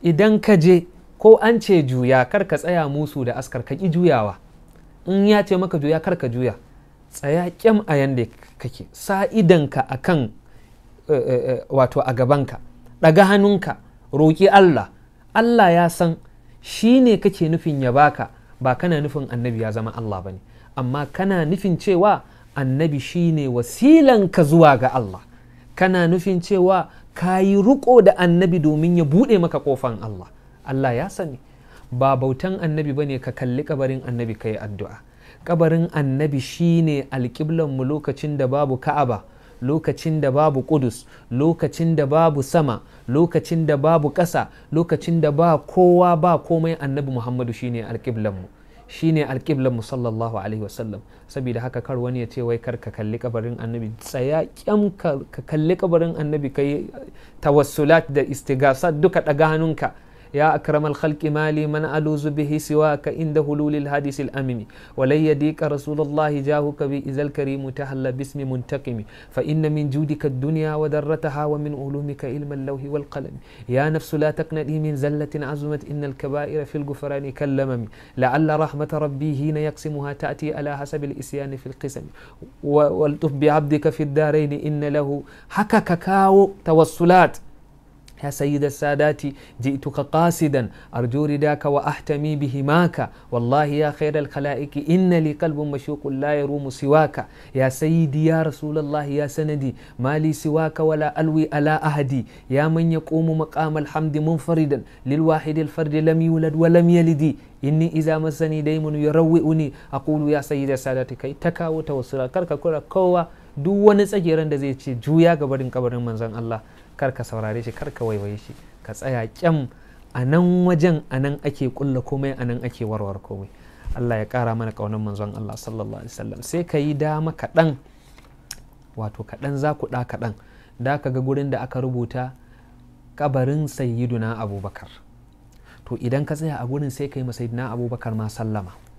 idan ka je ko an ce juya kar ka tsaya musu da askar ka ƙi juyawa in ya ce maka juya kar ka juya tsaya kyam a yanda kake sa idanka a kan eh, eh, eh, wato a gabanka ɗaga ka roƙi Allah Allah ya san shi ne kake nufin ya baka ba kana nufin annabi ya zama Allah ba ne amma kana nufin cewa annabi shi ne wasilanka zuwa ga Allah kana nufin cewa ka yi riko da annabi domin ya buɗe maka ƙofan Allah Allah ya sani ba bautan annabi bane ka kalli kabarin annabi ka yi addu'a kabarin annabi shine alƙiblan mu lokacin da babu ka'aba lokacin da babu kudus lokacin da babu sama lokacin da babu ƙasa lokacin da ba kowa ba komai annabi muhammadu shine alƙiblan mu shine alƙiblan mu sallallahu alaihi wasallam saboda haka kar wani ya ce wai kar ka kalli kabarin annabi tsaya kyam ka kalli kabarin annabi kai tawassulat da istigasat duka daga hannunka يا أكرم الخلق مالي من ألوز به سواك عند هلول الحادث الأمم ولي يديك رسول الله جاهك بإذا الكريم تهل باسم منتقم فإن من جودك الدنيا وذرتها ومن علومك علم اللوح والقلم يا نفس لا تقنئي من زلة عزمت إن الكبائر في الغفران كاللمم لعل رحمة ربي حين يقسمها تأتي على حسب الإسيان في القسم ولطف بعبدك في الدارين إن له حكك كاو توصلات يا سيد السادات جئتك قاصدا أرجو رداك وأحتمي بهماك والله يا خير الخلائق إن لي قلب مشوق لا يروم سواك يا سيدي يا رسول الله يا سندي ما لي سواك ولا ألوي ألا أهدي يا من يقوم مقام الحمد منفردا للواحد الفرد لم يولد ولم يلد إني إذا مسني daimun يروئني uni يا kulu ya كي da sadati كركا كورا كوا tawassula karka دزيتي جويا duk wani منزان الله kar ka saurare shi kar ka waiwaye shi ka tsaya kyam a nan wajen a nan ake kulla komai a nan ake warwar komai Allah ya kara mana kaunar manzon Allah sallallahu alaihi wasallam sai ka yi dama kaɗan wato kaɗan za ku ɗa kaɗan da ka ga gurin da aka rubuta kabarin sayyiduna abubakar to idan ka tsaya a gurin sai ka yi ma sayyiduna abubakar ma sallama